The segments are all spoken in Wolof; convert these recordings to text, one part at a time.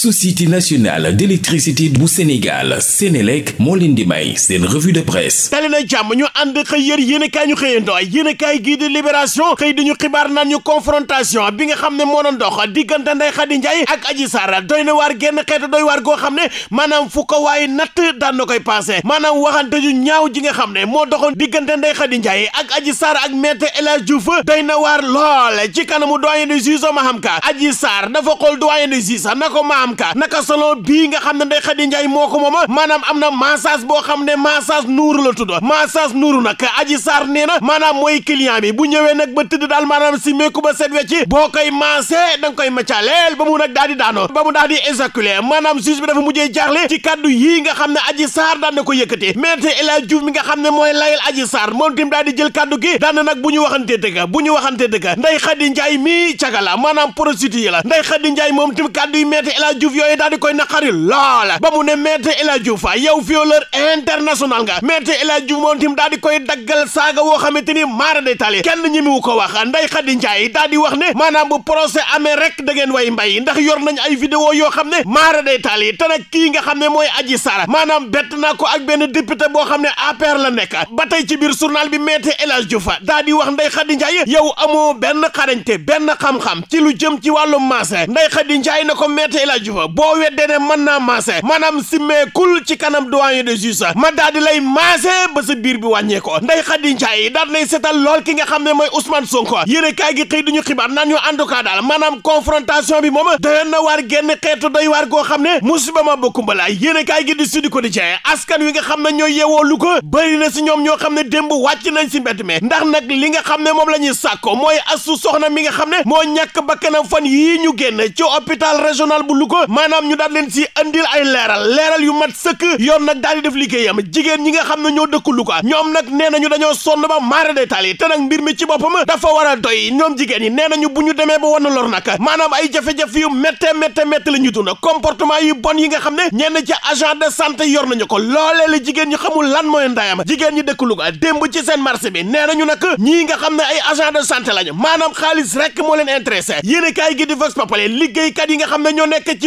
société nationale d'électricité bu Sénégal Sénélec moo leen di may seen revue de presse tali na jàmm ñu ànd xëy yër yéenekaay ñu xëyandoo yéenekaay gii di Libération xëy di ñu xibaar naan ñu confrontation bi nga xam ne moo doon dox diggante Ndeye Khady Ndiaye ak Adji Sarr doy na waar genn xeetu doy waar goo xam ne maanaam fu ko waaye natt daan na koy passé maanaam waxante ju ñaaw ji nga xam ne moo doxoon diggante Ndeye Khady Ndiaye ak Adji Sarr ak Maître El Hadji Diouf doy na waar lool ci kanamu doyen de juge Maham Ka Adji Sarr dafa xool doyen de am ka naka salon bii nga xam ne Ndeye Khady Ndiaye moo ko mooma maanaam am na massage boo xam ne massage nuuru la tudd massage nuuru nag aji saar nee na maanaam mooy client bi bu ñëwee nag ba tëdd daal maanaam si meeku ba set wecci boo koy massé da nga koy macaaleel ba mu nag daal di daanoo ba mu daal di éjaculer maanaam juge bi dafa mujjee jaaxle ci kaddu yii nga xam ne aji saar daan ko yëkkati maître El Hadji mi nga xam ne mooy layal aji saar moom tim daal la Diouf yooyu daal di koy naqari loola ba mu ne maître El Hadji Diouf yow violeur international nga maître El Hadji Diouf moom tim daal di koy daggal saaga woo xamante ni maara day tali kenn ñimiwu ko wax Ndeye Khady Ndiaye daal di wax ne maanaam bu procès amee rek da ngeen way mbay ndax yor nañ ay vidéo yoo xam ne maara day tali te nag kii nga xam ne mooy Adji Sarr maanaam bett naa ko ak benn député boo xam ne APR la nekk ba tey ci biir journal bi maître El Hadji Diouf daal di wax Ndeye Khady Ndiaye yow amoo benn xarañte benn xam-xam ci lu jëm ci wàllu maase Ndeye Khady Ndiaye na ko maître El Hadji xaju fa boo weddee ne mën naa maase maanaam simmeekul ci kanam doyen de justice ma daal di lay maase ba sa biir bi wàññee ko nday xadi njaay daal lay setal lool ki nga xam ne mooy Ousmane Sonko yéene kaay gi xëy duñu xibaar naan ñu en tout cas daal maanaam confrontation bi moom doyoon na waar génn xeetu doy waar goo xam ne musiba ma bokkumba la yéene kaay gi di Sud Quotidien askan wi nga xam ne ñooy yeewoo lu ko na si ñoom ñoo xam ne démb wàcc nañ si mbedd mi ndax li nga xam ne moom la ñuy sàkko mooy asu soxna mi nga xam ne moo ñàkk bakkanam fan yii ñu génn ci hôpital régional maanaam ñu daal leen ci andil ay leeral leeral yu mat sëkk yoon nag daal di def liggéeyam jigéen ñi nga xam ne ñoo dëkku Louga ñoom nag nee nañu dañoo sonn ba maara détaal yi te nag mbir mi ci boppam dafa war a doy ñoom jigéen ñi nee nañu bu ñu demee ba wan lor nag maanaam ay jafe-jafe yu métte métte métte la ñu dund comportement yi bon yi nga xam ne ñenn ci agent de santé yor nañu ko loolee la jigéen ñi xamul lan mooy ndayam jigéen ñi dëkk Louga démb seen marché bi nee nañu nag nga xam ne ay agent de santé maanaam xaalis rek moo leen intéressé yéen kaay gi di Vox yi nga xam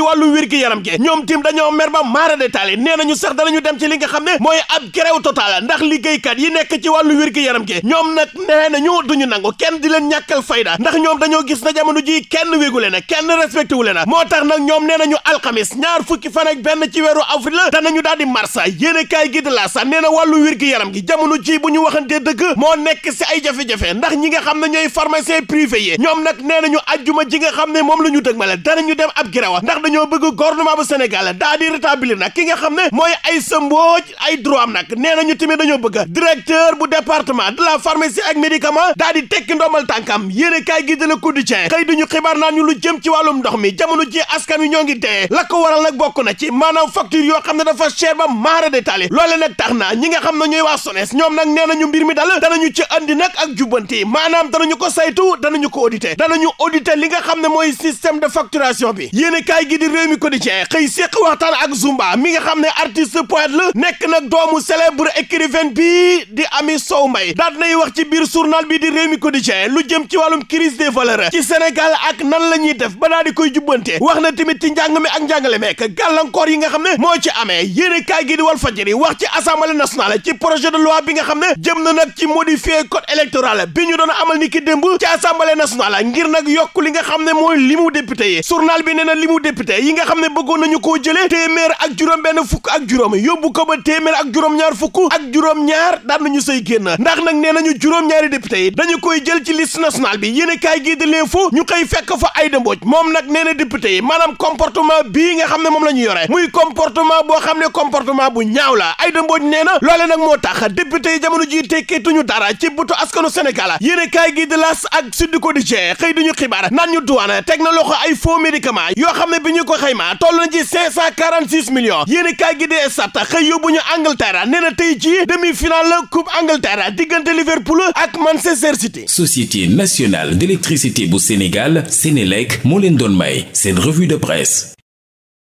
wàllu wér yaram gi ñoom tim dañoo mer ba maara détaali nee nañu sax danañu dem ci li nga xam ne mooy ab grève totale ndax liggéeykat yi nekk ci wàllu wér-gi-yaram gi ñoom nag nee nañu duñu nangu kenn di leen ñàkkal fayda ndax ñoom dañoo gis na jamono ji kenn wégule na kenn respecté wule na moo tax nag ñoom nee nañu alxamis ñaar fukki fan ak benn ci weeru avril la danañu daal di marsa yéene kaay gi di la sa nee na wàllu wér yaram gi jamono ji bu ñu waxantee dëgg moo nekk si ay jafe ndax ñi nga xam ne ñooy pharmacien privé yi ñoom nag nee nañu ajjuma ji nga xam ne moom la ñu dëgmale danañu dem ab grève ndax dañoo bëgg gouvernement bu Sénégal daa di rétablir nag ki nga xam ne mooy ay sëmbooj ay droit am nag nee nañu tamit dañoo bëgg directeur bu departement de la pharmacie ak médicament daa di tekki ndomal tànkam yéen a kaay gi de la quotidien xëy duñu xibaar naa ñu lu jëm ci wàllum ndox mi jamono ji askan wi ñoo ngi dee la ko waral nag bokk na ci maanaam facture yoo xam ne dafa cher ba maara détaillé loole nag tax na ñi nga xam ne ñooy waa SONES ñoom nag nee nañu mbir mi dal danañu ci andi nag ak maanaam danañu ko saytu danañu ko audité danañu audité li nga xam ne mooy système de facturation bi di réew mi quotidien xëy séq waxtaan ak Zumba mi nga xam ne artiste poète la nekk nag doomu célèbre écrivain bi di Ami Sow Mbaye daat nay wax ci biir journal bi di réew mi lu jëm ci wàllum crise des valeurs ci Sénégal ak nan la ñuy def ba di koy jubbante wax na tamit ci njàng mi ak njàngale meek gàllankoor yi nga xam ne moo ci amee yéene kaay gi di Walf Fadjri wax ci assemblée nationale ci projet de loi bi nga xam ne jëm na nag ci modifier code électoral bi ñu doon amal ni ki démb ci assemblée nationale ngir nag yokk li nga xam ne mooy limu député yi journal bi nee na limu député député yi nga xam ne bëggoon nañu koo jëlee téeméer ak juróom benn fukk ak juróom yóbbu ko ba téeméer ak juróom-ñaar fukk ak juróom-ñaar daan nañu say génn ndax nag nee nañu juróom-ñaari député yi dañu koy jël ci list nationale bi yéen a kaay gii di l'info ñu xëy fekk fa Aïda Mbodj moom nag nee na député yi maanaam comportement bii nga xam ne moom la ñu yore muy comportement boo xam ne comportement bu ñaaw la Aïda Mbodj nee na loole nag moo tax député yi jamono ji tekkeetuñu dara ci butu askanu Sénégal yéen kaay gi di las ak Sud Quotidien xëy duñu xibaar naan ñu duwaan teg na loxo ay faux médicament yoo ñu ko xaymaa toll na ci cinq cent quarante millions yéen i kaay gi dee sat xëy yóbbu ñu Angleterre nee na tey ci demi finale la coupe Angleterre diggante Liverpool ak Manchester City. Société nationale d'électricité bu Sénégal Sénélec moo leen doon may seen revue de presse.